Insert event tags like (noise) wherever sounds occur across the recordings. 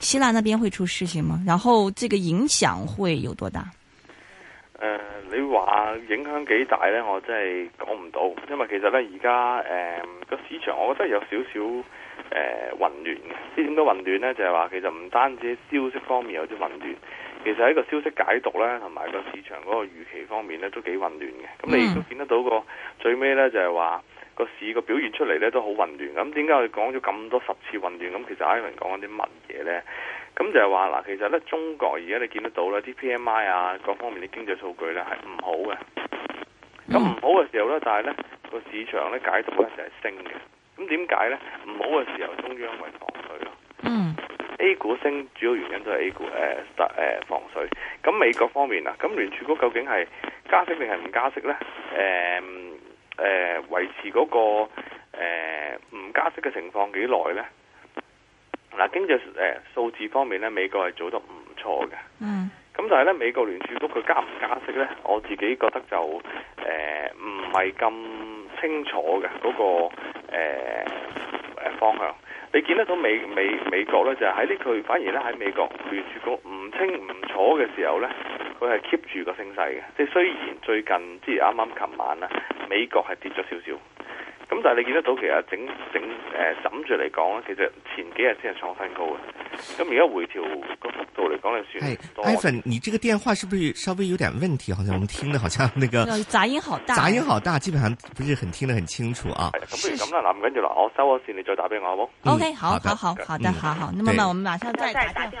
希臘那邊會出事情嗎？然後這個影響會有多大？誒、呃，你話影響幾大呢？我真係講唔到，因為其實呢，而家誒個市場，我覺得有少少誒混亂嘅。啲點都混亂呢，就係話其實唔單止消息方面有啲混亂，其實喺個消息解讀呢，同埋個市場嗰個預期方面呢，都幾混亂嘅。咁你亦都見得到個最尾呢，就係話。個市個表現出嚟咧都好混亂咁，點解我哋講咗咁多十次混亂？咁其實阿雲講緊啲乜嘢呢？咁就係話嗱，其實咧中國而家你見得到咧啲 PMI 啊，各方面啲經濟數據咧係唔好嘅。咁唔好嘅時候咧，但係咧個市場咧解讀咧就係升嘅。咁點解呢？唔好嘅時候，中央為防水咯、嗯。A 股升主要原因都係 A 股誒誒、呃、防水。咁美國方面啊，咁聯儲局究竟係加息定係唔加息呢？誒、呃。誒，維持嗰個誒唔加息嘅情況幾耐呢？嗱，經濟誒數字方面呢，美國係做得唔錯嘅。嗯。咁但係呢，美國聯儲局佢加唔加息呢？我自己覺得就誒唔係咁清楚嘅，嗰個誒方向。你見得到美美美國呢就喺呢佢反而呢喺美國聯儲局唔清唔楚嘅時候呢，佢係 keep 住個升勢嘅。即係雖然最近即係啱啱琴晚啦。美國係跌咗少少，咁但係你見得到其實整整誒枕住嚟講咧，其實前幾日先係創新高嘅，咁而家回調個幅度嚟講就算多。iPhone、哎、你這個電話是不是稍微有點問題？好像我們聽得好像那個雜音好大，雜音好大，基本上不是很聽得很清楚啊。試試。試咁啦，嗱，唔緊要啦，我收咗線，你再打俾我好冇？OK，好，好，好、嗯好，好的，好好。咁我咁，我哋馬上再打掉。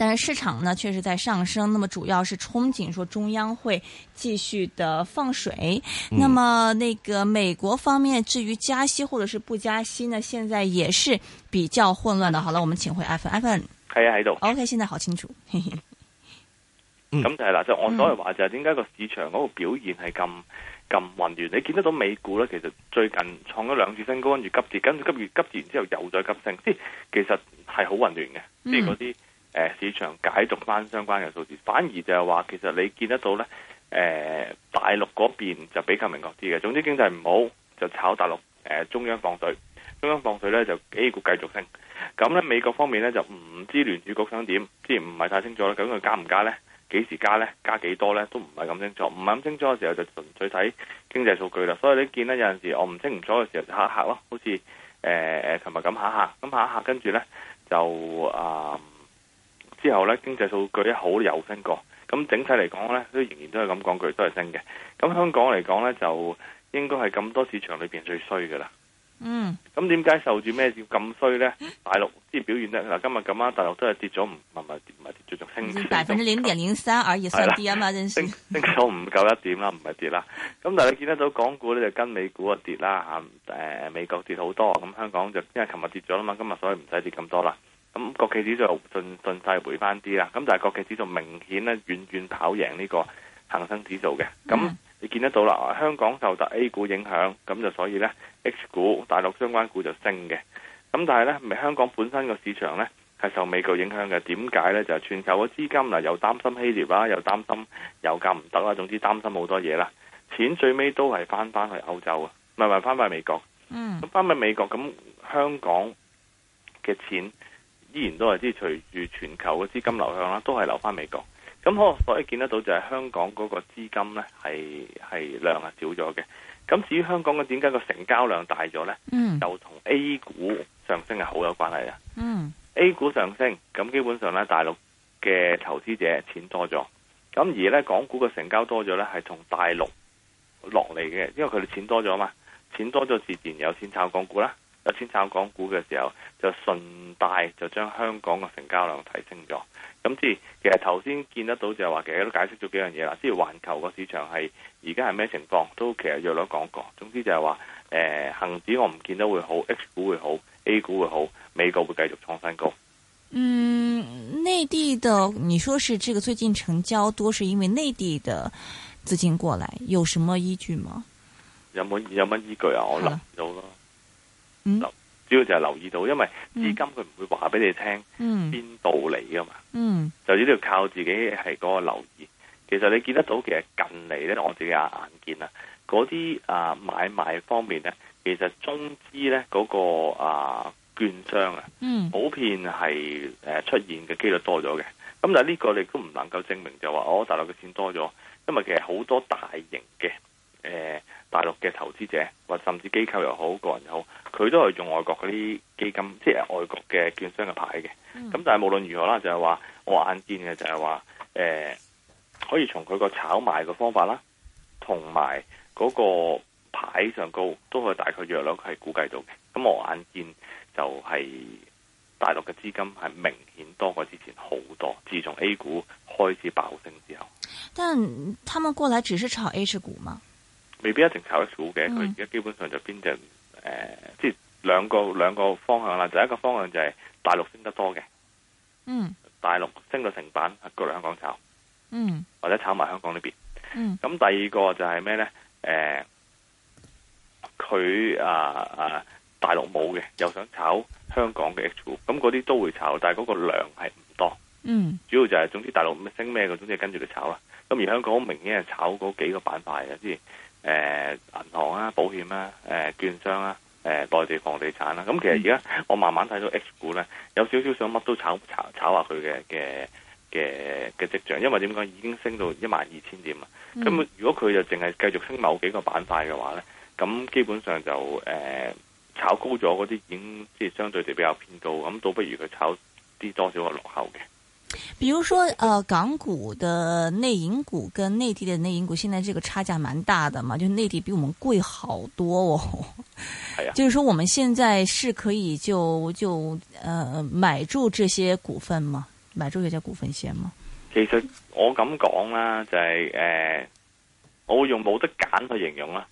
但是市場呢，確實在上升。那麼主要是憧憬說中央會繼續的放水。那麼那個美國方面，至於加息或者是不加息呢，現在也是比較混亂的。好了，我們請回 iPhone，iPhone，係啊，喺度。OK，現在好清楚。咁 (noise) (noise) 就係啦，就按所謂話就係，點解個市場嗰個表現係咁咁混亂？你見得到美股呢，其實最近創咗兩次新高，跟住急跌，跟住急跌，急跌完之後又再急升，即係其實係好混亂嘅，即係啲。嗯誒，市場解讀翻相關嘅數字，反而就係話，其實你見得到呢誒、呃，大陸嗰邊就比較明確啲嘅。總之經濟不，經濟唔好就炒大陸。誒、呃，中央放水，中央放水呢，就 A 股繼續升。咁呢美國方面呢，就唔知聯儲局想點，即係唔係太清楚啦。咁佢加唔加呢？幾時加呢？加幾多呢？都唔係咁清楚。唔係咁清楚嘅時候就純粹睇經濟數據啦。所以你見咧有陣時我唔清唔楚嘅時候，吓一吓咯，好似誒誒，琴日咁下下，吓，咁吓一吓，跟住呢，就啊。呃之後咧，經濟數據一好有升過，咁整體嚟講咧，都仍然都係咁講句，都係升嘅。咁香港嚟講咧，就應該係咁多市場裏邊最衰嘅啦。嗯。咁點解受住咩叫咁衰咧？大陸啲表現咧，嗱今日咁啱，大陸都係跌咗，唔唔唔唔係跌咗仲升。百分之零點零三而已，算跌啊嘛，真係。升升到唔夠一點啦，唔係跌啦。咁但係，你見得到港股咧就跟美股啊跌啦嚇，誒美國跌好多，咁香港就因為琴日跌咗啦嘛，今日所以唔使跌咁多啦。咁國企指數順順勢回翻啲啦，咁但係國企指數明顯咧遠遠跑贏呢個恒生指數嘅。咁、mm. 你見得到啦，香港受特 A 股影響，咁就所以呢 H 股大陸相關股就升嘅。咁但係呢，香港本身個市場呢，係受美國影響嘅。點解呢？就係、是、全球嘅資金啊，又擔心希臘啦，又擔心油價唔得啦，總之擔心好多嘢啦。錢最尾都係翻翻去歐洲啊，唔係唔係翻返美國。咁翻返美國，咁香港嘅錢。依然都係即係，隨住全球嘅資金流向啦，都係留翻美國。咁可所以見得到就係香港嗰個資金咧，係係量係少咗嘅。咁至於香港嘅點解個成交量大咗咧？嗯，就同 A 股上升係好有關係啊。嗯，A 股上升，咁基本上咧大陸嘅投資者錢多咗，咁而咧港股嘅成交多咗咧，係同大陸落嚟嘅，因為佢哋錢多咗嘛，錢多咗自然有錢炒港股啦。有錢炒港股嘅時候，就順帶就將香港嘅成交量提升咗。咁即係其實頭先見得到就係話，其實都解釋咗幾樣嘢啦。即係環球個市場係而家係咩情況，都其實約略講過。總之就係話，誒，恒指我唔見得會好，H 股會好，A 股會好，美國會繼續創新高。嗯，內地的你說是這個最近成交多是因為內地的資金過來，有什麼依據嗎？有冇有乜依據啊？我諗有啦。嗯、主要就係留意到，因為資金佢唔會話俾你聽邊度嚟㗎嘛，嗯、就只要靠自己係個留意。其實你見得到其實近嚟呢，我自己眼見啊，嗰啲啊買賣方面呢，其實中資呢、嗰個，嗰個啊券商啊，普遍係誒出現嘅幾率多咗嘅。咁、嗯、但係呢個你都唔能夠證明就話哦大陸嘅錢多咗，因為其實好多大型嘅誒。呃大陸嘅投資者或甚至機構又好，個人又好，佢都係用外國嗰啲基金，即係外國嘅券商嘅牌嘅。咁、嗯、但係無論如何啦，就係話我眼見嘅就係話，誒，可以從佢個炒賣嘅方法啦，同埋嗰個牌上高，都可以大概約率佢係估計到嘅。咁我眼見就係大陸嘅資金係明顯多過之前好多，自從 A 股開始爆升之後。但他們過來只是炒 H 股嗎？未必一定炒 H 股嘅，佢而家基本上就邊隻誒，即係兩個兩個方向啦。就一個方向就係大陸升得多嘅，嗯，大陸升到成板，過嚟香港炒，嗯，或者炒埋香港呢邊，咁、嗯嗯嗯、第二個就係咩咧？誒、呃，佢啊啊，大陸冇嘅，又想炒香港嘅 H 股，咁嗰啲都會炒，但係嗰個量係唔多，嗯。主要就係、是、總之大陸升咩，佢總之跟住佢炒啊。咁而香港明顯係炒嗰幾個板塊嘅，即係誒、呃、銀行啊、保險啊、誒、呃、券商啊、誒、呃、內地房地產啦、啊。咁其實而家我慢慢睇到 X 股呢，有少少想乜都炒炒、炒下佢嘅嘅嘅嘅跡象，因為點講已經升到一萬二千點啦。咁、嗯、如果佢就淨係繼續升某幾個板塊嘅話呢，咁基本上就誒、呃、炒高咗嗰啲已經即係相對地比較偏高，咁倒不如佢炒啲多少係落後嘅。比如說，呃，港股的內銀股跟內地的內銀股，現在這個差價蠻大的嘛，就內地比我們貴好多哦。係啊，就是說我們現在是可以就就，呃，買住這些股份嘛，買住這些股份先嘛。其實我咁講啦，就係誒，我會用冇得揀去形容啦。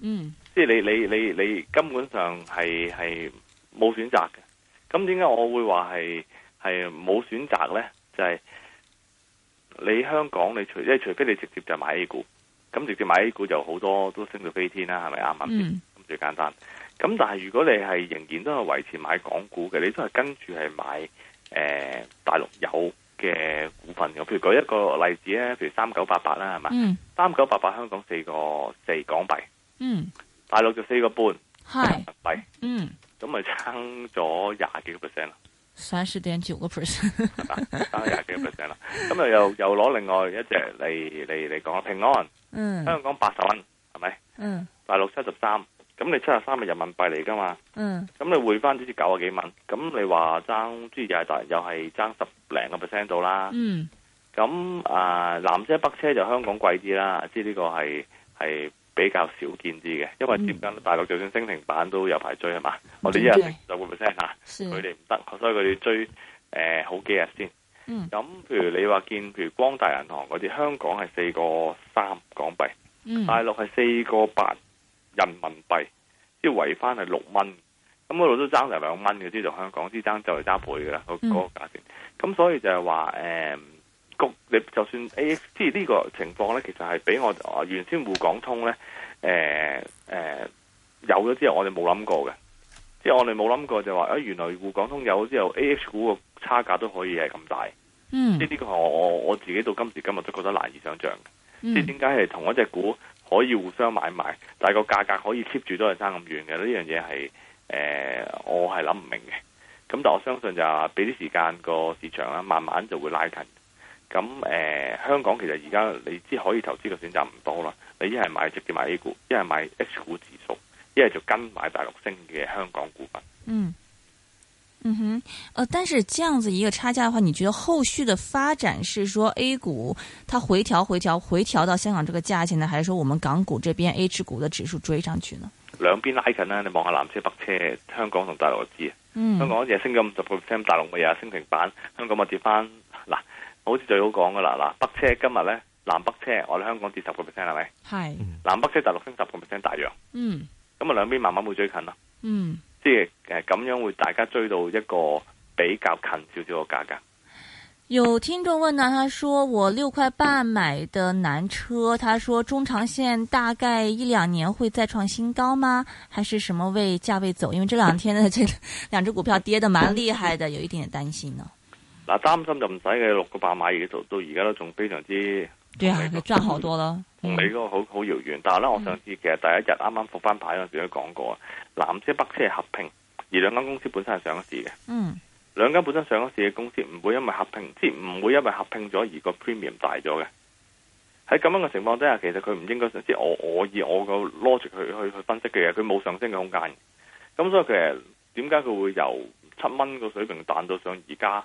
嗯。即係你你你你根本上係係冇選擇嘅。咁點解我會話係係冇選擇咧？就係、是、你香港，你除即係除非你直接就買 A 股，咁直接買 A 股就好多都升到飛天啦，係咪啱唔啱？咁最簡單。咁但係如果你係仍然都係維持買港股嘅，你都係跟住係買誒、呃、大陸有嘅股份嘅。譬如舉一個例子咧，譬如三九八八啦，係、嗯、咪？三九八八香港四個四港幣，嗯，大陸就四個半，係港幣，嗯，咁咪差咗廿幾個 percent 咯。三十點九個 percent，爭廿幾個 percent 啦。咁啊又又攞另外一隻嚟嚟嚟講平安，香港八十蚊係咪？嗯，大陸七十三，咁你七十三係人民幣嚟噶嘛？嗯，咁你匯翻隻隻九啊幾蚊，咁你話爭即係廿大，又係爭十零個 percent 度啦。嗯，咁啊南車北車就香港貴啲啦，即係呢個係係。比較少見啲嘅，因為接近大陸、嗯、就算升停板都有排追吖嘛，我哋一日十個 percent 佢哋唔得，所以佢哋追、呃、好幾日先。咁、嗯、譬如你話見，譬如光大銀行嗰啲，香港係四個三港幣，嗯、大陸係四個八人民幣，即係圍返係六蚊，咁嗰度都爭成兩蚊，嗰啲就香港之爭就係爭倍㗎啦嗰個價錢。咁所以就係話你就算 A X，即係呢個情況咧，其實係俾我原先滬港通咧，誒、呃、誒、呃、有咗之，之、呃、之後，我哋冇諗過嘅。即係我哋冇諗過就話原來滬港通有咗之後，AH 股個差價都可以係咁大，嗯，即係呢個係我我自己到今時今日都覺得難以想象。即係點解係同一隻股可以互相買賣，但係個價格可以 keep 住都係爭咁遠嘅，呢樣嘢係誒，我係諗唔明嘅。咁但我相信就俾啲時間個市場啦，慢慢就會拉近。咁、嗯、誒，香港其實而家你知可以投資嘅選擇唔多啦。你一係買直接買 A 股，一係買 H 股指數，一係就跟買大陸升嘅香港股份。嗯，嗯哼、呃，但是這樣子一個差價的話，你覺得後續的發展是說 A 股它回調，回調回調回調到香港這個價錢呢，還是說我們港股這邊 H 股的指數追上去呢？兩邊拉近啦，你望下南車北車，香港同大陸知啊、嗯。香港嘢升咗五十個 percent，大陸嘅嘢升成板，香港咪跌翻嗱。好似最好講噶啦嗱，北車今日咧，南北車我哋香港跌十個 percent 係咪？係南北車大陸升十個 percent 大約。嗯。咁啊兩邊慢慢會追近咯。嗯。即係誒咁樣會大家追到一個比較近少少嘅價格。有聽眾問到，他說我六塊半買的南車，他說中長線大概一兩年會再創新高嗎？還是什麼位價位走？因為這兩天呢，這兩隻股票跌得蠻厲害的，有一點,點擔心咯。嗱，擔心就唔使嘅。六個百買而到到而家都仲非常之對啊，佢賺好多咯。同你嗰個好好遙遠，但係咧，我想知道其實第一日啱啱復翻牌陣時都講過啊。南車北車係合併，而兩間公司本身係上市嘅。嗯，兩間本身上咗市嘅公司唔會因為合併，即係唔會因為合併咗而個 premium 大咗嘅。喺咁樣嘅情況之下，其實佢唔應該即係我我以我個 logic 去去去分析嘅嘢，佢冇上升嘅空間的。咁所以其實點解佢會由七蚊個水平彈到上而家？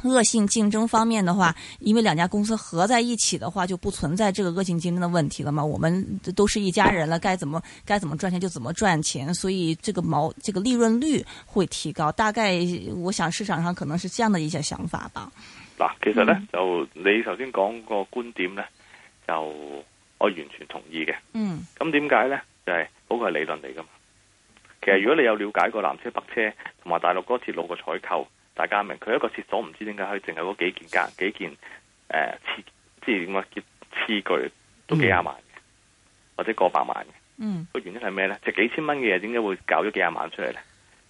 惡性競爭方面的話，因為兩家公司合在一起的話，就不存在這個惡性競爭的問題了嘛。我們都是一家人了，該怎麼該怎麼賺錢就怎麼賺錢，所以這個毛這個利潤率會提高。大概我想市場上可能是這樣的一些想法吧。嗱，其實呢，嗯、就你頭先講個觀點呢，就我完全同意嘅。嗯。咁點解呢？就係嗰個係理論嚟噶嘛。其實如果你有了解過南車北車同埋大陸嗰個鐵路個採購。大家明佢一個廁所唔知點解可以淨係嗰幾件價，幾件誒，廁即係點啊？廁具都幾廿萬或者過百萬嘅。個、mm. 原因係咩呢？值幾千蚊嘅嘢，點解會搞咗幾廿萬出嚟呢？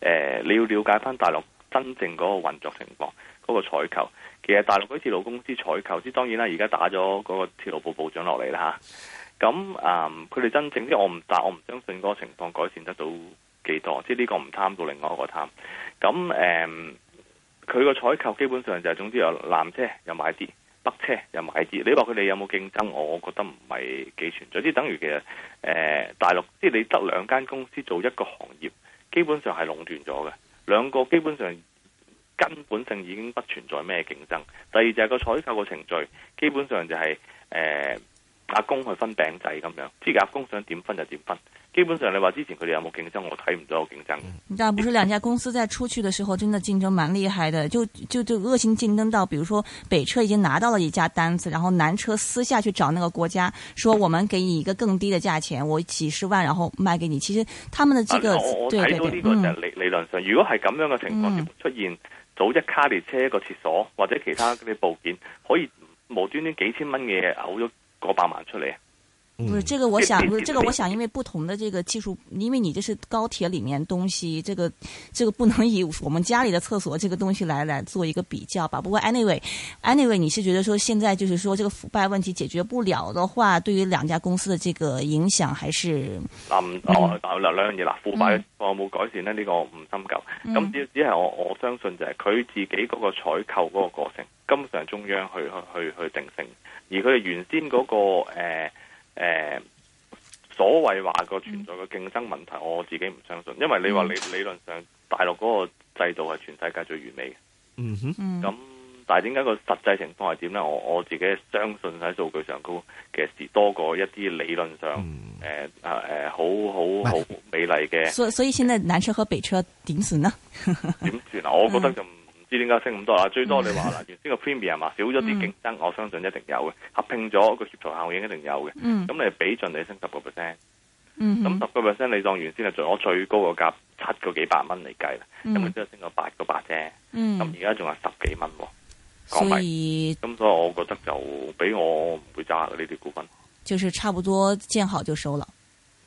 誒、呃，你要了解翻大陸真正嗰個運作情況，嗰、嗰個採購，其實大陸嗰啲鐵路公司採購，即係當然啦。而家打咗嗰個鐵路部部長落嚟啦，咁啊，佢哋真正即係我唔答，我唔相信嗰個情況改善得到幾多，即係呢個唔貪到另外一個貪咁誒。啊嗯佢個採購基本上就係、是、總之有南車又買啲，北車又買啲。你話佢哋有冇競爭？我覺得唔係幾存在，即係等於其實誒、呃、大陸，即係你得兩間公司做一個行業，基本上係壟斷咗嘅。兩個基本上根本性已經不存在咩競爭。第二就係個採購嘅程序，基本上就係、是、誒、呃、阿公去分餅仔咁樣，即係阿公想點分就點分。基本上你話之前佢哋有冇競爭，我睇唔到有競爭。但係不是兩家公司在出去嘅時候，真的競爭蠻厲害的，就就就惡性競爭到，比如說北車已經拿到了一架單子，然後南車私下去找那個國家，說我們給你一個更低的價錢，我幾十萬然後賣給你。其實他們的幾、這個，我睇到呢個就理對對對理，理論上，如果係咁樣嘅情況、嗯、出現，做一卡列車一個廁所或者其他嗰啲部件，可以無端端幾千蚊嘅嘢嘔咗過百萬出嚟。不、嗯、是這個，我想不是這個，我想，這個、我想因為不同的這個技術，因為你這是高鐵裏面東西，這個，這個不能以我們家裏的廁所這個東西來來做一個比較吧。不過，anyway，anyway，anyway 你是覺得說現在就是說這個腐敗問題解決不了的話，對於兩家公司的這個影響還是？嗱、嗯哦，我嗱嗱兩樣嘢嗱，腐敗我冇、嗯、改善呢呢、呢個唔深究，咁、嗯嗯、只只係我我相信就係佢自己嗰個採購嗰個過程，根本上中央去去去去定性，而佢哋原先嗰、嗰個誒。嗯呃誒、呃，所謂話個存在個競爭問題，嗯、我自己唔相信，因為你話理、嗯、理論上大陸個制度係全世界最完美嘅，嗯哼，咁但係點解個實際情況係點咧？我我自己相信喺數據上高，其實是多過一啲理論上誒誒，誒好好好美麗嘅、嗯。所所以，現在南車和北車點算呢？點算啊？我覺得就唔、嗯。知點解升咁多啦？最多你話嗱，原先個 premium 啊嘛，少咗啲競爭，嗯，我相信一定有嘅。合拼咗個協同效應一定有嘅。咁、嗯、你係俾盡你升十個 percent，咁十個 percent 你當原先係在攞最高個價七個幾百蚊嚟計啦，咁之後升咗八個八啫。咁而家仲係十幾蚊喎，哦，所以咁所以我覺得就俾我唔會揸嘅呢啲股份，就是差唔多見好就收啦。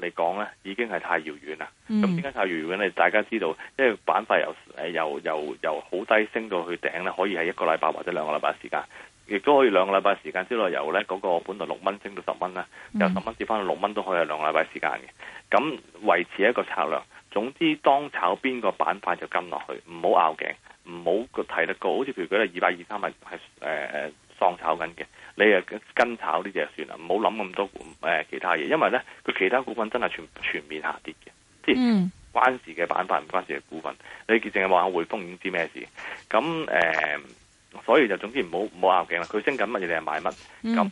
嚟講咧，已經係太遙遠啦。咁點解太遙遠咧？大家知道，因為板塊由誒由由由好低升到去頂咧，可以係一個禮拜或者兩個禮拜時間，亦都可以兩個禮拜時間之內由咧嗰個本來六蚊升到十蚊啦，由十蚊跌翻到六蚊都可以係兩個禮拜時間嘅。咁維持一個策略，總之當炒邊個板塊就跟落去，唔好拗頸，唔好個睇得高，好似譬如佢係二百二三百係誒。放炒緊嘅，你誒跟炒呢隻就算啦，唔好諗咁多誒、呃、其他嘢，因為咧佢其他股份真係全全面下跌嘅，即、嗯、係關事嘅板塊，唔關事嘅股份，你淨係望下匯豐已經知咩事。咁誒、呃，所以就總之唔好唔好拗頸啦。佢升緊乜嘢你係買乜，咁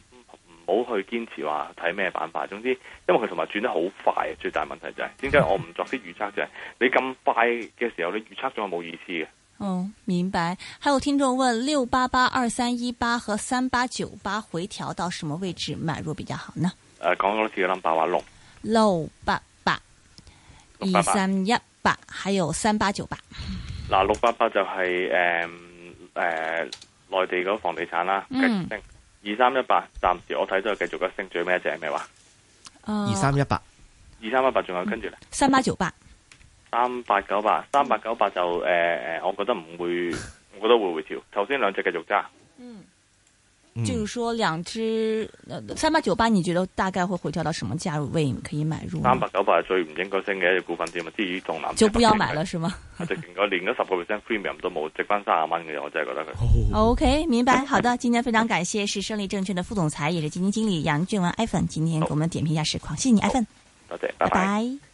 唔好去堅持話睇咩板塊。總之，因為佢同埋轉得好快，最大問題就係點解我唔作啲預測、就係？就係你咁快嘅時候，你預測咗冇意思嘅。哦，明白。還有聽眾問六八八二三一八和三八九八回調到什麼位置買入比較好呢？誒、呃，講多次個 number 話六六八八二三一八，還有三八九八。嗱、呃，六八八就係誒誒內地嗰房地產啦，嗯、升二三一八，2318, 暫時我睇都係繼續一升，最尾一隻係咩話？二三一八，二三一八仲有跟住咧？三八九八。三八九八，三八九八就誒誒、嗯呃，我覺得唔會，我覺得會回調。頭先兩隻繼續揸、嗯。嗯，就是說兩隻、呃、三八九八，你覺得大概會回調到什麼價位可以買入嗎？三八九八係最唔應該升嘅一隻股份，點啊？至於同南就不要買了是，是嗎？佢 (laughs) 連咗十個 percent premium 都冇，值翻三十蚊嘅，我真係覺得佢。OK，明白，好的。今天非常感謝是勝利證券的副總裁，也是基金，金經理楊俊文 iPhone。今天給我們點評一下市況，謝謝你 iPhone。好，再拜拜。拜拜。